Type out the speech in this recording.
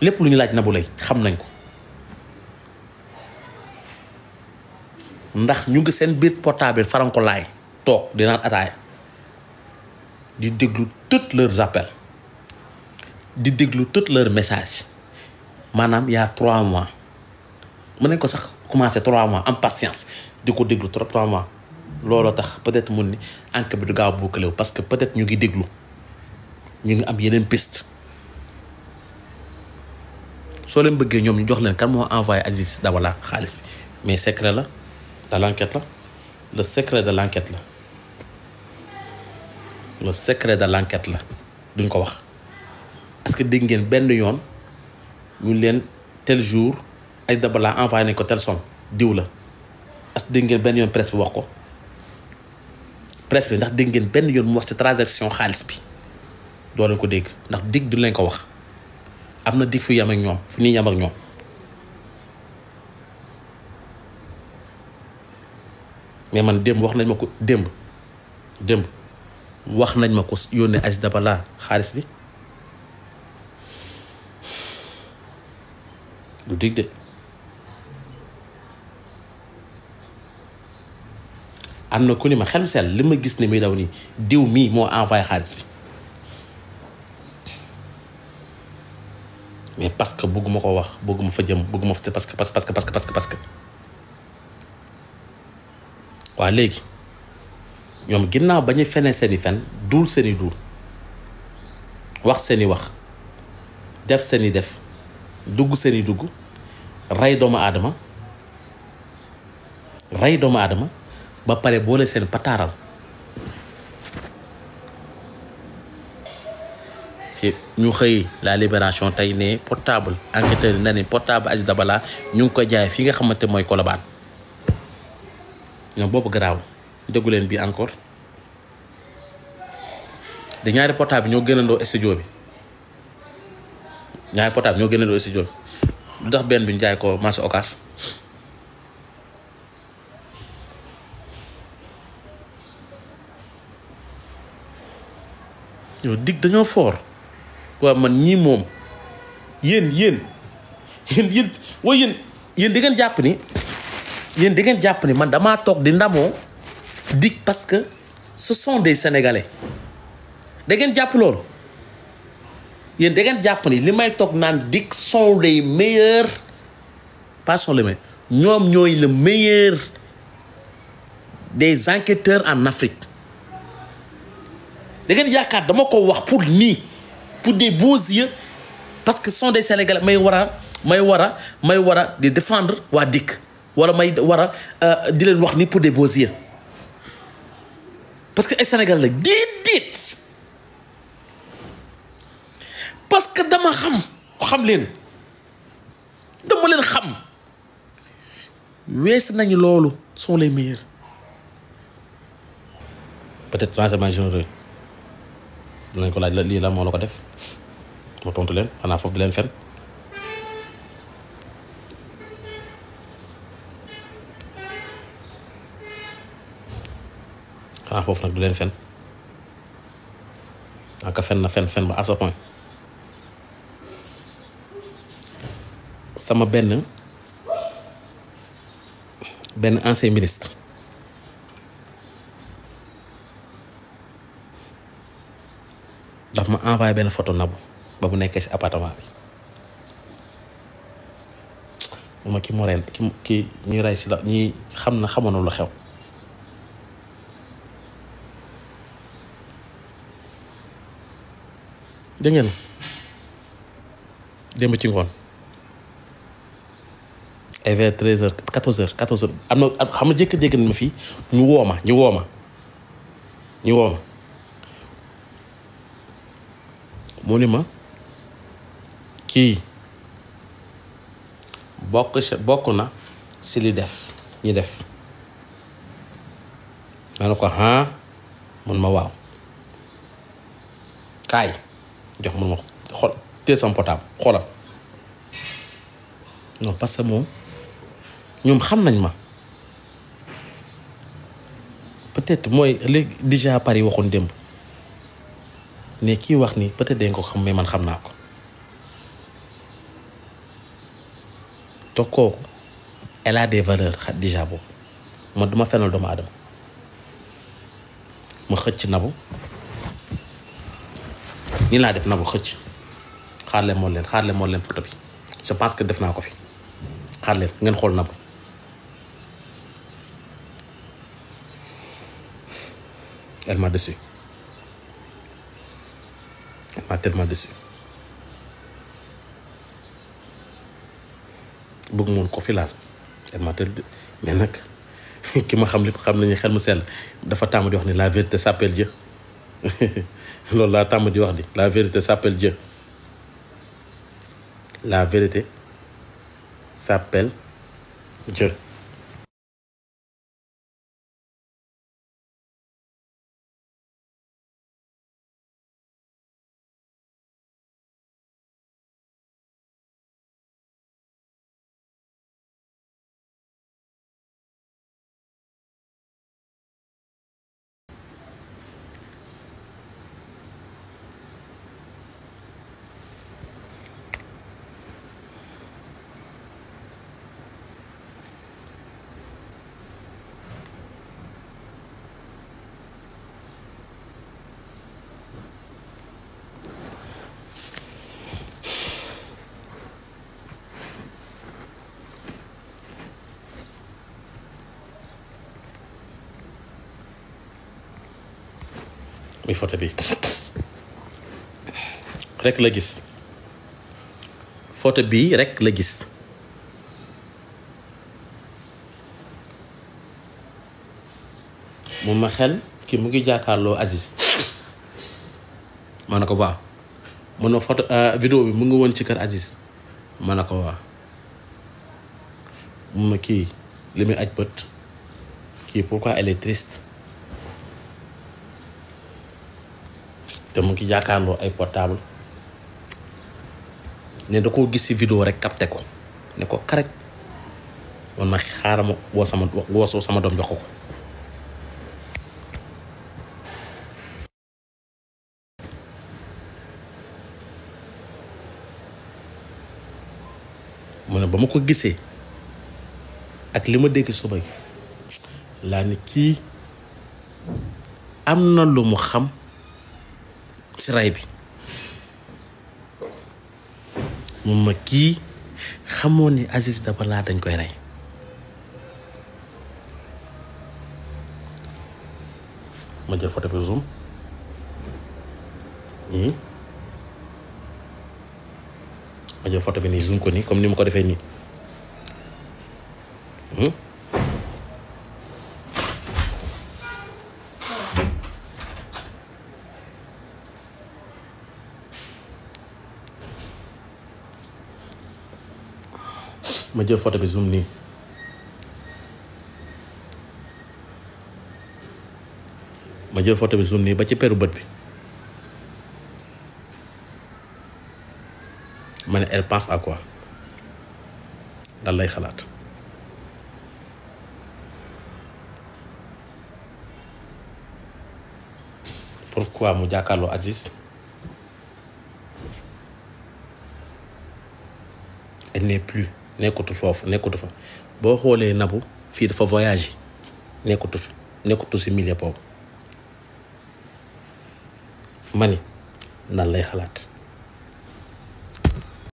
lépp lu ñu laaj Nabou Leye xam nañ ko ndax ñu ngi seen biir portable faranko toog di naan ataaya di déglu tout leurs appels di déglu toutes leurs messages maanaam y'a trois mois mën nañ ko sax commencé trois mois am patience di ko déglu trois mois looloo tax peut-être mun ni enquête bi du gaaw a boucler parce que peut-être ñu ngi déglu ñu ngi am yeneen piste soo leen bëggee ñoom ñu jox leen kan moo envoyé agis Dabala xaalis bi mais secret la de l'enquête la le secret de l'enquête la le secret de l'enquête la duñ ko wax parce que dégg ngeen benn yoon ñu leen tel jour Aziz Dabala envoyé nañ ko tel somme diw la parce que dégg ngeen benn yoon presse wax ko presse bi ndax dégg ngeen benn yoon mu wax ci transaction xaalis bi doo leen ko dégg ndax dégg du leen ko wax am na dig fu yam ak ñoom fu ñuy yam ak ñoom mais man démb wax nañ ma ko démb démb wax nañ ma ko yónnee Aziz Dabala xaalis bi lu dig de am na ku li ma xel sel li ma gis ne muy daw nii diw mii moo envoyé xaalis bi mais parce que bëgguma ko wax bëgguma fa jëm bëgguma fa parce que parce que parce que parce que waaw léegi ñoom ginnaaw ba ñu fenee seeni fen duul seeni duul wax seeni wax def seeni def dugg seeni dugg rey doomu aadama rey doomu aadama ba pare boole seen pataaral ñu xëy la libération tey ne portable enquêteur yi na ne portable Aziz Dabala ñu ngi ko jaay fi nga xamante mooy Colobane ñoom boobu garaaw déggu bi encore da ñaari portable ñoo gënandoo studio bi ñoo gënandoo studio bi lu tax benn bi ñu jaay ko marché Ocass yow dig dañoo foor quoi man ñii moom yéen yéen yéen yéen waaye yéen yéen di ngeen jàpp ni yéen di jàpp ni man damaa toog di ndamoo dik parce que ce sont des sénégalais da ngeen jàpp loolu yéen da ngeen jàpp ni li may toog naan dik sont les meilleurs pas sont les meilleurs ñoom ñooy le meilleur des enquêteurs en Afrique da ngeen yaakaar dama ko wax pour nii pour des beaux yeux parce que son des sénégalais may war a may war a may war a di défendre waa dikk wala may war a euh, di leen wax ni pour des beaux yeux parce que ay sénégalais la déedéet parce que dama xam xam leen dama leen xam wees nañu loolu sont les meilleurs peut-être transformation nañ ko laaj la lii la moo la ko def mu tontu leen xanaa foofu du leen fen aka fen na fen fen ba à point sama benn benn ancien ministre daf ma envoyé benn photo Nabou ba mu nekkee si appartement bi mu ma ki mu reen ki ki ñu rey si la ñi xam na xamoon lu xew dégg ngeen démb ci ngoon ay vers treize heures quatorze heures quatorze heures am na xam na jékki-jékki na ma fii ñu wooma ñu wooma ñu wooma mu ni ma kii bokk bokk na si li def ñi def ma ko ah mun ma waaw kaay jox mun ma xol téye sama portable xoolal non parce que moom ñoom xam nañ ma peut-être mooy léegi déjà Paris waxoon démb. ne kii wax ni peut-être dañ ko xam mais man xam naa ko te kooku elle a des valeurs xat déjà boobu man duma fenal doomu aadama ma xëcc nabu nii laa def nabu xëcc xaar leen leen xaar leen moo leen photo bi je pense que def naa ko fi xaar ngeen xool nabu elle m'a déçu pas tellement déçu bëgg moon ko fi laal mais nag ki ma xam lépp xam nañu xel mu sell dafa tàmm di wax ni la vérité s'appelle Dieu loolu laa tàmm di wax di la vérité s'appelle Dieu vérité s'appelle muy photo bi rek la gis photo bii rekk la gis mu ma xel ki mu ngi jàkkaarloo Aziz ma ne ko waaw mun na photo euh, vidéo bi mu ngi woon ci kër Aziz ma ne ko waaw mu ma kii li aj bët kii pourquoi elle te mu ngi jàkkaarloo ay portable ne da koo gis si vidéo rek capté ko ne ko karaj man ma xaaral ma woo sama woosoo sama doom jox ko ko mu ba ma ko gisee ak li ma dégg suba gi laa ne kii am na lu mu xam si ray bi moom ma kii xamoon ni Aziz Dabala dañ koy rey ma jël photo bi zoom nii ma jël photo bi nii zoom ko nii comme ni ma ko defee nii ma jël photo bi zoom nii ma jël photo bi zoom nii ba ci peru bët bi ma ne elle pense à quoi lan lay xalaat pourquoi mu jàkkaarloo Aziz elle n'est plus nekkutu foofu nekkutu fa boo xoolee nabu fii voyage nekkutu fi nekkutu si milieu boobu ma ni nan lay xalaat